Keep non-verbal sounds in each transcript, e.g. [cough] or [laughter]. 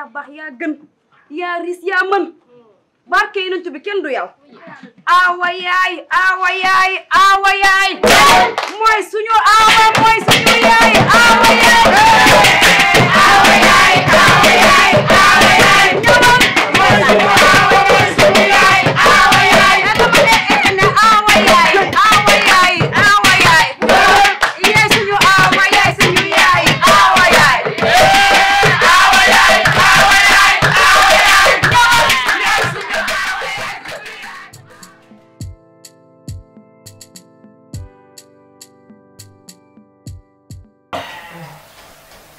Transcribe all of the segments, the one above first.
yaa baax yaa gën yaa ris yaa mën barke yonent bi kenn du yow aawa yaay aawa yaay aawa yaay mooy suñu aawa mooy suñu yaay aawa yaay aawa yaay aawa yaay aawa yaay ñamal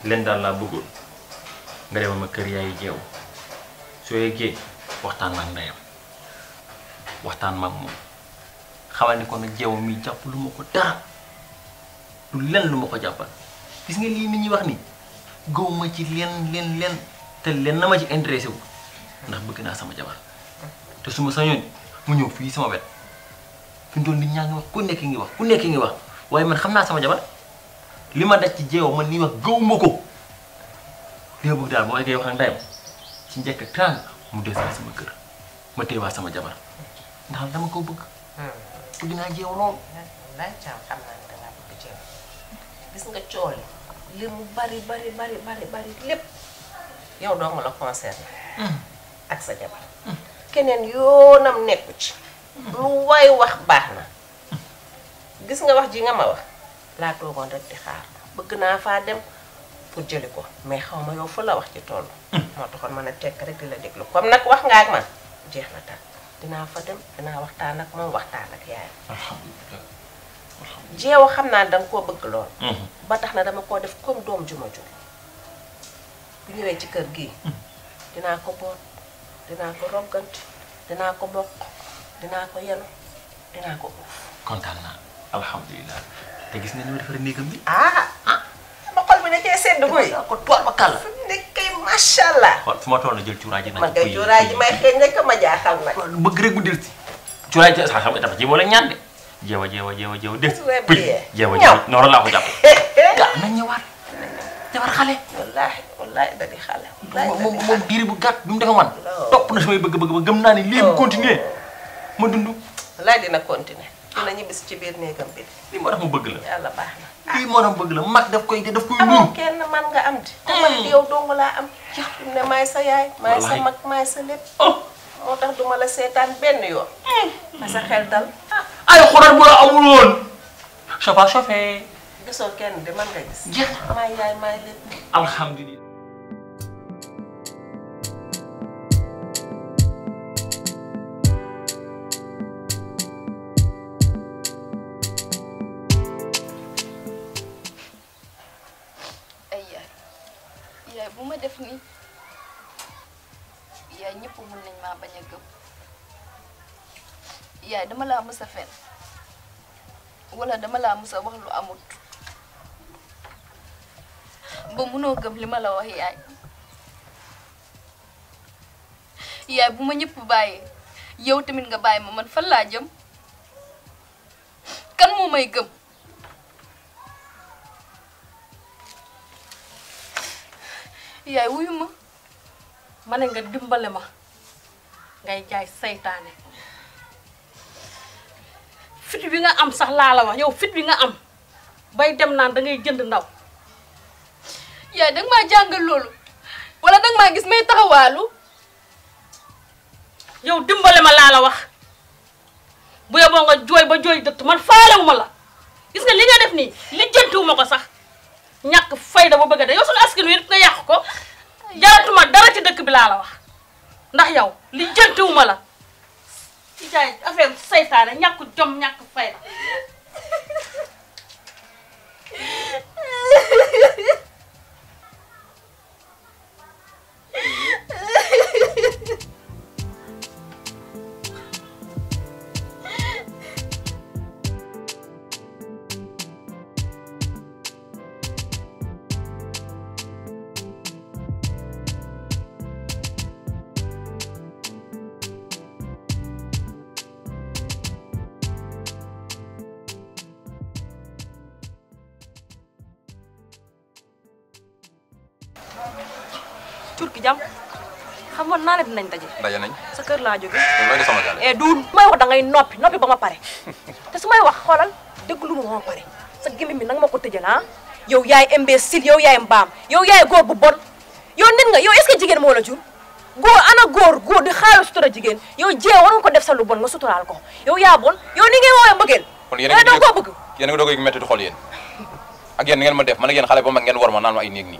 leen daal laa bëggoon nga demal ma kër yaay jeew soo yeggee waxtaan ma ak ndeyam waxtaan ma ak moom xamal ni ko nag jeew mi jàpp lu ma ko dara lu len lu ma ko jàppal gis nga lii nit ñuy wax ni gaw ci leen leen leen te leen na ma ci intéressé wu ndax bëgg naa sama jabar te su ma sañoon mu ñëw fii sama wet fi mu toll nit ñaa ngi wax ku nekk ngi wax ku nekk ngi wax waaye man xam naa sama jabar lima ma daj ci jeew man nii wax gëwuma ko li ma wax ak ci sama kër ma teewaa sama jabar ndax dama ko bëgg bëgg naa jeew lool laay caam xam naa ne dangaa bëgg jeew gis nga coole li mu bari bari bari bari bari lépp yow doo ma la concerné ak sa jabar ci lu way wax na gis nga wax ji nga ma wax laa toogoon rek di xaar bëgg naa faa dem pour jëli ko mais xaw ma yow fu la wax ci toll. Hmm. moo taxoon mën a tekk rek di la déglu comme nag wax nga ak man jeex na tànn dinaa fa dem dinaa waxtaan ak moom waxtaan ak yaayam. alhamdulilah xam naa danga koo bëgg lool. Hmm. ba tax na dama koo def comme doom juma ma bu ñëwee ci kër gi hmm. dinaa ko boot dinaa ko roggant dinaa ko bokk dinaa ko yenu dinaa ko uuf. kontaan naa alhamdulilah. te gis nga ni kami. ah makal ma xol mi da cee sedd guy. ko tool ma kàlla. macha allah. xool fu ma toll jël cuuraay ji. man kay cuuraay may xëy nekk ma jaaxal nag. bëgg rek bu delsi. cuuraay ji sax xam nga de. jeewa jeewa jeewa jeewa de. pëj jeewa jeewa noonu laa ko jàpp. gaa nañ ñëwaat. jabar xale. wallaahi wallaahi da di mau moom moom diir bu dina mën na ñibbisi ci biir néegam bi. lii moo tax mu bëgg la. yàlla baax na mag daf koy daf koy. amul mm. maay sa yaay. maay sa mag maay sa lépp. Oh. moo tax duma la seetaan benn yoon. ma mm. sa xel dal. Ah. ay xuraat bu la amul woon. gisoo kenn de man nga gis. maay yaay maay lépp. alhamdulilah. laa fen wala dama la mës a wax lu amut ba munoo gëm li ma la wax yaay yaay bu ma ñëpp bàyyee yow tamit nga bàyyi ma man fan laa jëm kan moo may gëm yaay wuyu ma ma ne nga dimbale ma ngay jaay seytaane fit bi nga am sax laa la wax yow fit bi nga am bay dem naan da ngay jënd ndaw. yaay danga maa jàngal loolu wala danga maa gis may taxawaalu. yow dimbale ma laa la wax bu yeboo nga jooy ba jooy dëtt man faalewu ma la gis nga li nga def nii lijjantiwu ma ko sax ñàkk fayda bu bëgg a de yow sunu askan wi yëpp nga yàq ko jaratuma dara ci dëkk bi laa la wax ndax yow lijjantiwu ma la. ci jaay affaire saytaane ñàkk jom ñàkk fayda [laughs] ki jam xamoon naa ne dinañ daje. daje nañ. sa kër laa jógee. loolu di sama gaale. Eh, duun may wax da ngay noppi noppi ba ma pare te su may wax xoolal déglu ma ba ma pare sa gémmiñ bi nag ma ko tëjal ah yow yaay imbécile yow yaay mbaam yow yaay góor bu bon yow nit nga yow est-ce que jigéen la jur góor ana góor góor di xaaral sutura jigéen yow jee war nga ko def sa lu bon nga suturaal ko yow yaa bon yow ni ngay gua mbëggeel. kon yéen a ngi eh, doog koo bëgg. yéen a ngi doog a yëg métti di xool yéen ak yéen ngeen ma def man ak yéen xale ba mag ngeen war ma naan ay néeg nii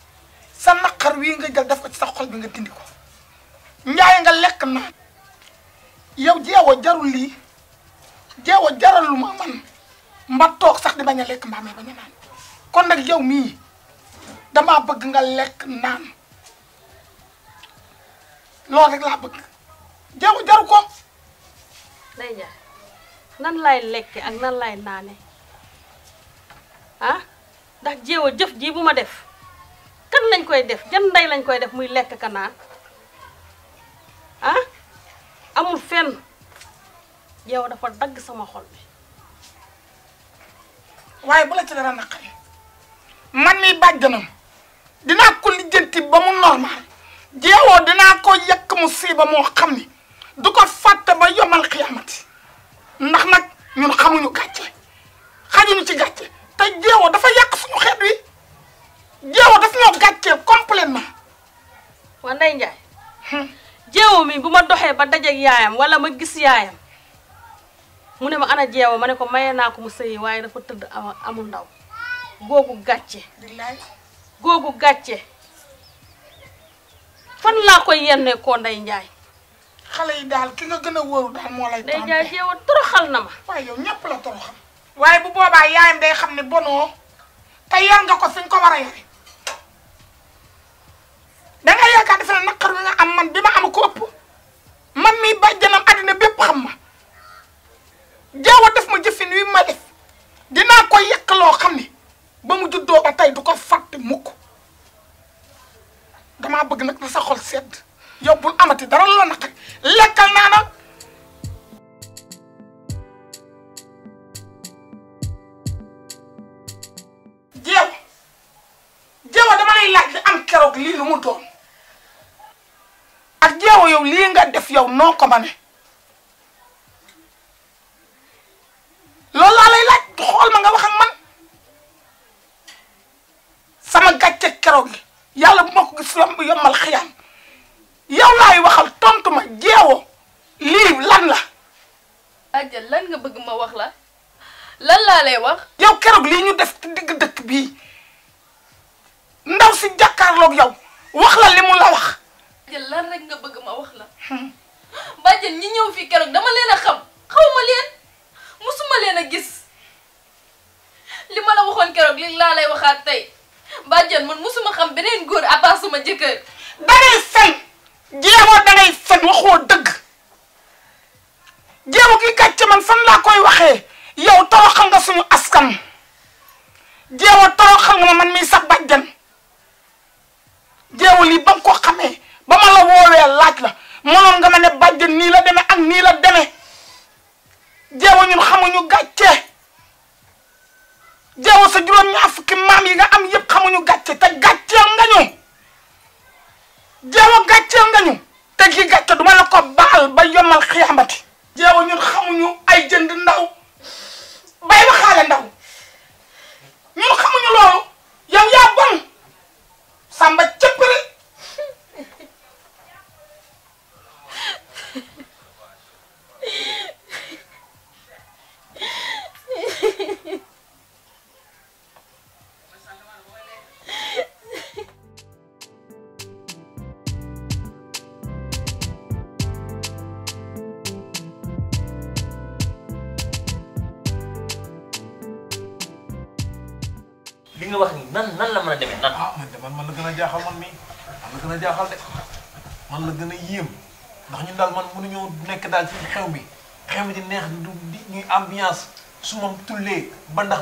sa naqar wii nga jël def ko ci sa xol bi nga dindi ko njaay nga lekk naan yow jeewo jarul lii jeewo jaralu ma man mba toog sax di bañ a lekk mbaamee bañ a naan kon nag yow mii damaa bëgg nga lekk naan loolu rek laa bëgg jeewo jaru ko day jaar nan lay lekke ak nan laay naane ah ndax jeewo jëf jii bu ma def jën lañ koy def jën ndey lañ koy def muy lekk ka naan ah amul fenn yow dafa dagg sama xol bi waaye bu la ci dara naqari man mii bàjjanam dina ko lijjanti ba mu normal jeewoo dinaa ko yekk mu siiba moo xam ni du ko fàtte ba yomal xiyaamati ndax nag ñun xamuñu gàcce xajuñu ci gàcce te jeewoo dafa yàq suñu xeet wi jéewo daf ñoo gàcceel ma waa Ndeye Ndiaye. Hmm. jéewo mi bu ma doxee ba dajeeg yaayam wala ma gis yaayam mu ne ma ana jéewo ma ne ko maye naa ko mu sëyi waaye dafa tëdd amul ndaw googu gàcce. googu gàcce fan laa koy yennee koo Ndeye njaay xale yi daal ki nga gën a wóoru daal moo lay. Ndeye Ndiaye jéewo na ma. waaye yow la toroxal. waaye bu boobaa yaayam day xam ne bonoo te yar nga ko fi nga ko yaakaar defe naa naqar bi nga am man bi ma am ko ëpp man mii bàjjanam àddina bépp xam ma jaaw def ma jëfin wi ma def dinaa ko yàq loo xam ne ba mu juddoo ba tey du ko fàtte mukk damaa bëgg nag na sa xol sedd yow bul amati dara la naqari lekkal maneh loolu laa lay laaj xool ma nga wax ak man sama gàcce keroog gi yàlla bu ma ko gis yomb yombal ya xiyam yow laay waxal tontu ma jeewoo lii lan la. ajal lan nga bëgg ma wax la lan laa lay wax. yow keroog lii ñu def digg dëkk bii ndaw si jàkkaarloog yow wax la li mu la wax. ajal lan rek nga bëgg ma wax la. Hmm. [laughs] bàjjen ñi ñëw fii keroog dama leen a xam xawma leen musuma leen a gis li ma la waxoon keroog li laa lay waxaat tey bàjjen man musuma xam beneen góor à part sama jëkkër dangay fen jéemoo dangay fen waxoo dëgg jéemu ki kàcce man fan laa koy waxee yow toroxal nga suñu askan jéemoo toroxal nga ma man mii sax bàjjen jéewu lii ba nga xamee ba ma la woowee laaj la mënoon nga ma ne bàjjen nii la demee ak nii la demee jeewa ñun xamuñu gàcce jeewa sa juróom-ñaar fukki maam yi nga am yëpp xamuñu gàcce te gàcceel nga ñu jeewa gàcceel nga ñu te gi gàcce duma la baal ba yomal xiyaamati jeewa ñun xamuñu ay jënd ndaw nan la mën a ah man de man man la gën a jaaxal man mii man la gën a jaaxal di neex du di ñuy ambiance su ma tullee ba ndax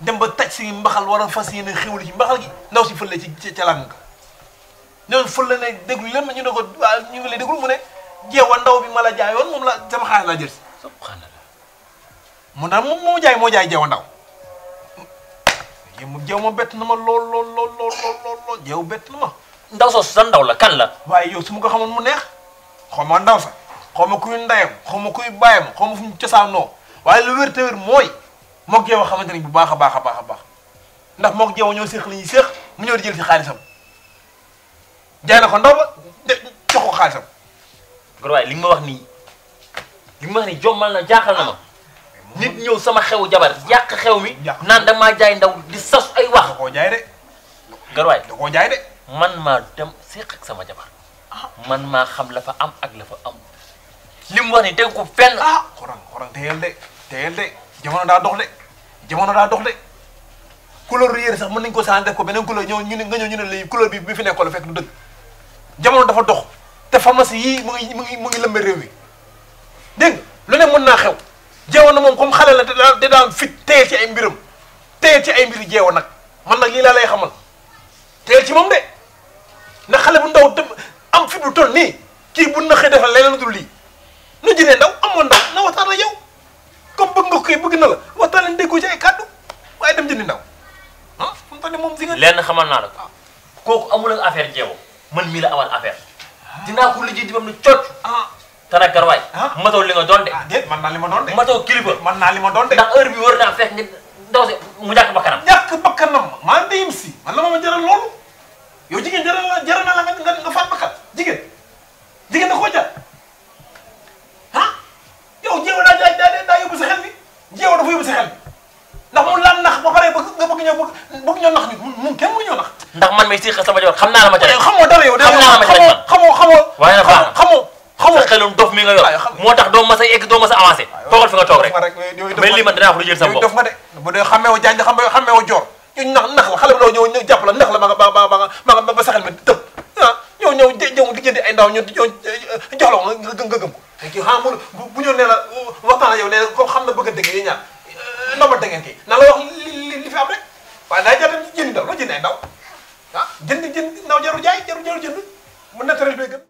dem ba taj si mbaxal war a fas ci mbaxal gi ndaw si fële ci ca làng ka ñoom fële déglu lépp ñu ne ñu ngi lay déglu mu ndaw bi jaayoon la sama jël subhanallah jaay jaay ndaw yow ma bett na ma lool lool lool lool lool lool yow bett na ma. ndaw soosu sa ndaw la kan la. waaye yow su ma ko xamoon mu neex xaw ma ndaw sa xaw ma kuy ndeyam xaw ma kuy bàyyam xaw ma fu ñu cosaanoo waaye lu wér te wér mooy moog yow xamante ne bu baax a baax a baax a baax ndax moog yow ñoo séq li ñuy séq mu ñëw di jël si xaalisam jaay na ko ndaw ba de jox ko xaalisam. góor waaye ma wax ni li ma wax nii jommal na jaaxal na ma. nit ñëw sama xew jabar yàq xew mi. naan da maa jaay ndaw di sas ay wax. a koo jaay de. garwaay da koo jaay man maa dem seq ak sama jabar. Ah. man maa xam la fa am ak la fa am. li mu wax ni dégg ko fenn. ah xoran xoran teyel de de jamono daa dox de jamono daa dox de couleur yére sax mën nañu ko saan def ko beneen ñu ne nga ñëw ñu ne lii bi fi nekkoon la fekk dëgg jamono dafa dox te pharmacie yii mu ngi mu ngi mu ngi lëmbee réew mi dégg lu ne mën naa xew. jeewoon na moom comme xale la da daan fit téye ci ay mbiram téye ci ay mbiri jeewoon nag man nag lii laa lay xamal ci moom de ndax xale bu ndaw am fit bu toll nii kii bu naxee defal leneen dul lii nu jëlee ndaw amoon ndaw na waxtaan ak yow comme bëgg nga koy bëgg na la waxtaan lañ déggoo ci ay kàddu waaye dem jëndi ndaw ah fu mu moom fi nga. lenn xamal naa la kooku amul ak affaire man mii la amal affaire ah. dinaa ko lijjanti ba mu ne cocc. Ah. te nag Garawaay. Ah. matoo li nga doon de. ah déet man naa li ma doon de. matoo kilifa man naa li ma doon de. ndax heure bi war naa fekk nit ndaw si mu ñàkk bakkanam. ñàkk bakkanam maa ngi dem si man la ma ma jaral loolu yow jigéen jaral la jaral na la nga nga faat bakkan jigéen jigéen da koo jar ah yow jéewa daa daa daa daa yóbbu sa xel bi jéewa dafa yóbbu sa xel bi ndax mu laan nax ba pare bëgg nga bëgg ñoo bëgg ñoo nax nit mu kenn mu ñoo nax. ndax man mii si xas sama joor xam naa la ma jaral. Eh, xamoo dara yow. xam naa la ma jaral man xamoo xamoo xamoo. waaye nag xamoo xelum dof mi nga yor moo tax doo mas a egg doo mas a avancé toogal fi nga toog rek mais lii man danaa wax lu jël sa bopp dof nga de bu dee xammeewo jaañ xammeewo joor ñooñu nax nax la xale bu ndaw ñëw ñëw jàpp la nax la ma nga ba ba ba ma nga ba saxel ma tëb ah ñëw ñëw ñëw di jëndi ay ndaw ñu ñëw eh, jox la nga gëm nga gëm ko kii xam mu bu ñëw nee la uh, waxtaan la yow nee ko xam na bëgg a dégg yi ñaar eh, ndomba dégg kii na la wax li fi am rek waaye daa jar jëndi ndaw loo jënd ay ndaw ah jënd jënd ndaw jaru jaay jaru jaru jënd mu naturel bee gën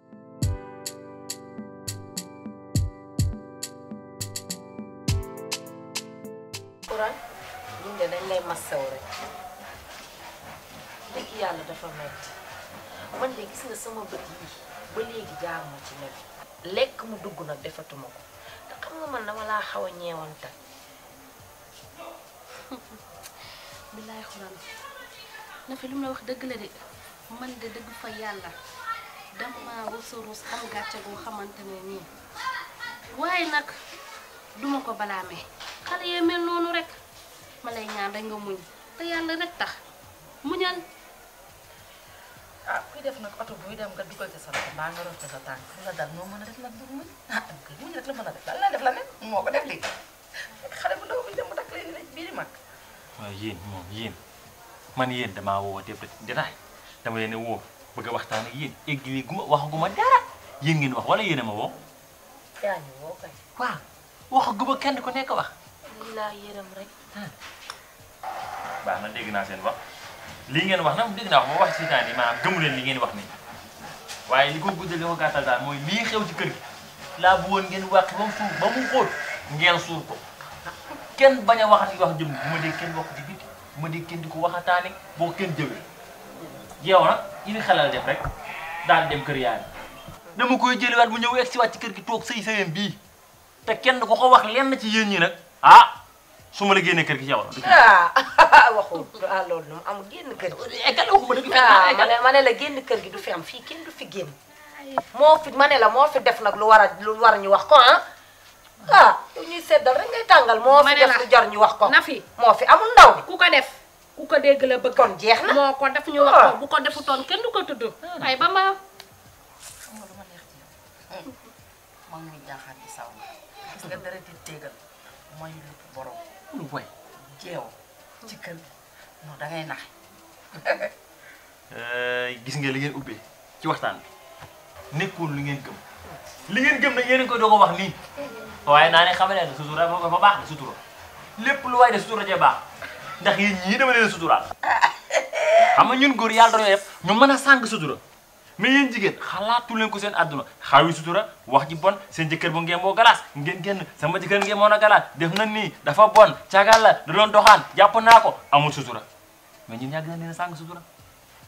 Quran ñun de dañ lay massaw rek dëgg yàlla dafa metti man de gis nga sama bët yi ba léegi jaaruma ci nekk lekk mu dugg nag defatuma ko te xam nga man dama laa xaw a ñeewanta [laughs] billaay xuraan na fi lu mu la wax dëgg la de man de dëgg fa yàlla dama wasaruus xam gàcce goo xamante ne nii waaye nag duma ko balaamee xale yee mel noonu rek ma ah nag oto buy dem nga dugal ci a ah a def lan la def mag. waaw yéen moom yéen man yéen damaa woo def dinaay dama leen woo bëgg a waxtaan wax wala yéen ma woo. yaa kenn ku nekk wax. laa iya yërëm rek baax na dégg naa seen wax lii ngeen wax nag dégg ma wax si taan yi maanaam gëmu leen li ngeen wax ni waaye li ko guddal li ko gàttal daal mooy lii xew ci kër gi laa bu woon mu di ko waxataane boo kenn jëwee yow nag ili xelal rek daal dem kër yaay dama koy jëliwaat mu ñëw egg si waat ci kër gi toog sëy sëyam bii te kenn ku ko ci yéen ñi ah su ma la génnee kër gi yow la. ah [laughs] waxul eh, ah loolu noonu amul génn kër gi. égal du fi am fii kenn du fi génn. moo fi ma ne la moo a ah. ah ñuy seddal rek ngay tàngal moo fi def lu jar ñu wax ko. na fi moo fi amul ndaw bi ku ko def. ku ko dégg la bëgg kon jeex na moo du ko tudd. ay ba ma. ci yow. moom mi jaaxaat ci saw ma. gis di téegal mooy lupp borom lu boy jeew ci kër non da ngay nax eh, gis nga li ngeen ubbee ci waxtaan bi nekkul lu ngeen gëm li ngeen gëm na yéen ko doog wax nii waaye naa ne xamale sutura ba baax de sutura lépp lu de sutura baax ndax dama leen [laughs] xam nga ñun def ñu sutura mais yéen jigéen xalaatu leen ko seen àdduna xaawi sutura wax ji bon seen jëkkër ba ngeen boo galaas ngeen génn sama jëkkër ngeen moon a galaas def na nii dafa bon cagal la da doon doxaan jàpp naa ko amul sutura mais ñun yàgg na leen a sutura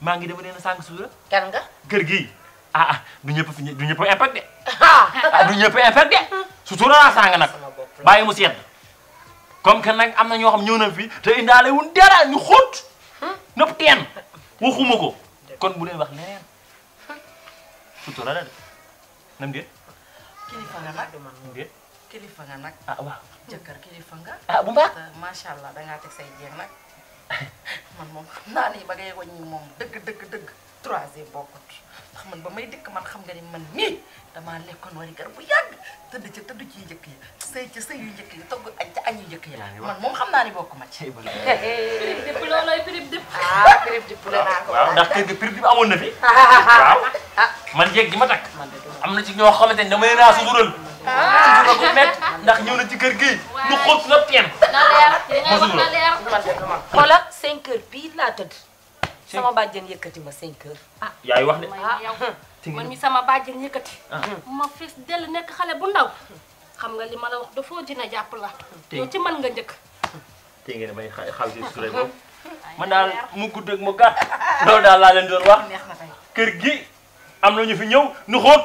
maa ngi dama leen a sutura kan nga kër gi ah ah du ñëpp du ñëpp impact de ah du ñëpp impact de sutura laa sàng nag bàyyi mu sedd comme que nag am na ñoo xam ñëw nañ fi te indaale wuñ dara ñu xóot hmm? nëpp teen waxuma kon bu leen wax leneen Futura ada. Nem dia? Kini fanganak. Nem dia? Kini fanganak. Ah wah. Jagar kini fanga. Ah bumba. Masya dengan dah ngatek saya jeng nak. Man mom, nani bagai ko ni mom, deg deg deg. Troisième bokut. Ya, ya, man ba may dik man xam nga ni man mi dama lekkon wari gar bu yag teud ci teud ci jëk yi sey ci sey yu jëk yi togg añ ci añu jëk yi man mom xam na bokuma ci. Prip dip lolay prip dip. Ah prip dip la na ko. Waaw ndax kër gi prip dip amon na fi. Waaw. [laughs] Ah. man jeeg gi ma ci ñoo xamante met ah. ndax ñëw na ci kër gi lu xóot la teen ma sutural xoola 5 heures sama bàjjen yëkkati ma 5 heures ah yaay wax de man ah. [laughs] mi sama bàjjen yëkkati ma fis dell nekk xale bu ndaw xam nga li ma la wax dafoo dina jàpp la yow ci man nga njëkk te ngeen may [laughs] man mu gudd ak mu [laughs] wax kër gi am na ñu fi ñëw nu xóot.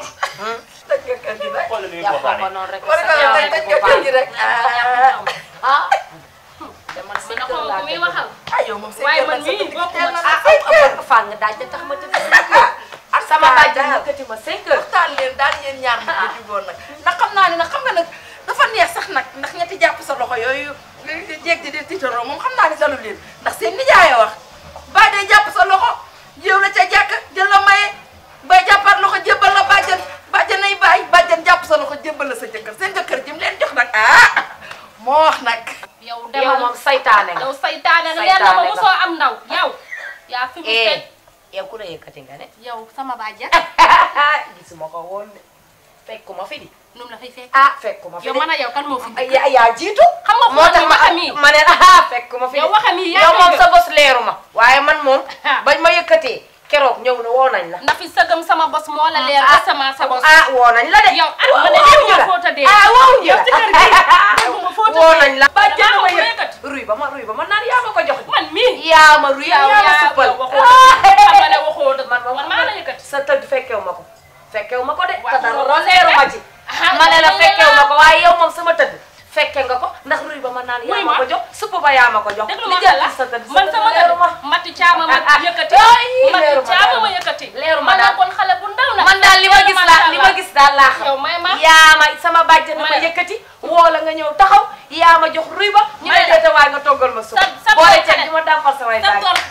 tëj nga kër gi rek xoolal mi ngi rek. ah. dama si kër laa koy waxal. aywa moom seen kër man sa tëdd teel na la ay kër fang daaj tax ma tëdd ak sama baaj ma këti ma cinq heures. waxtaan leen daal yéen ñaar ñu ko jubóon nag ndax xam naa ne nag xam nga nag dafa neex sax nag ndax ñetti jàpp sa loxo yooyu jéeg di di tiitaroo moom xam naa ne dalul leen ndax seen nijaay wax baa dee jàpp sa loxo jébbal na sa jëkkër seen jëkkër jim leen jox ah moo wax nag. yow demal yow moom saytaane nga yow na ma am ndaw yow. yaa fi mu eh, ku la yëkkati nga ne. yow sama bàjjen. [laughs] gisuma ko woon de fekkuma fi di. nu mu ma ma ne [laughs] ah fekkuma fi de. yow waxam moom sa bos leeruma. waaye man moom [laughs] bañ ma yëkkatee. keroog ñëw na woo nañ la. ndax fi sëgëm sama bos moo la leer. Ah, sama sa bos ah la de. yow ah ma ne yow ma foota dee. ah woo yow ci kër gi [laughs] woo nañ la. ba jënd ma yëg ruy ba ma ruy ba ma naan yaa ma ko jox. man mii yaa ma ruy yaa ma suppal. [laughs] sa tëdd fekkew ma ko. fekkew ma ko de. waaw waaw waaw leeru ma ci. Ah, ma ne la fekkew ma ko waaye yow moom sama tëdd. fekke nga ko ndax ruy ba ma naan yaa ko jox supp ba yaa ko jox. dëgg la laax yaa ma sama na ma yëkkati woo la nga ñëw taxaw yaa ma jox ruy ba ñu ne deete waaye nga toggal ma suuf boole ceeb bi ma dàmpal samay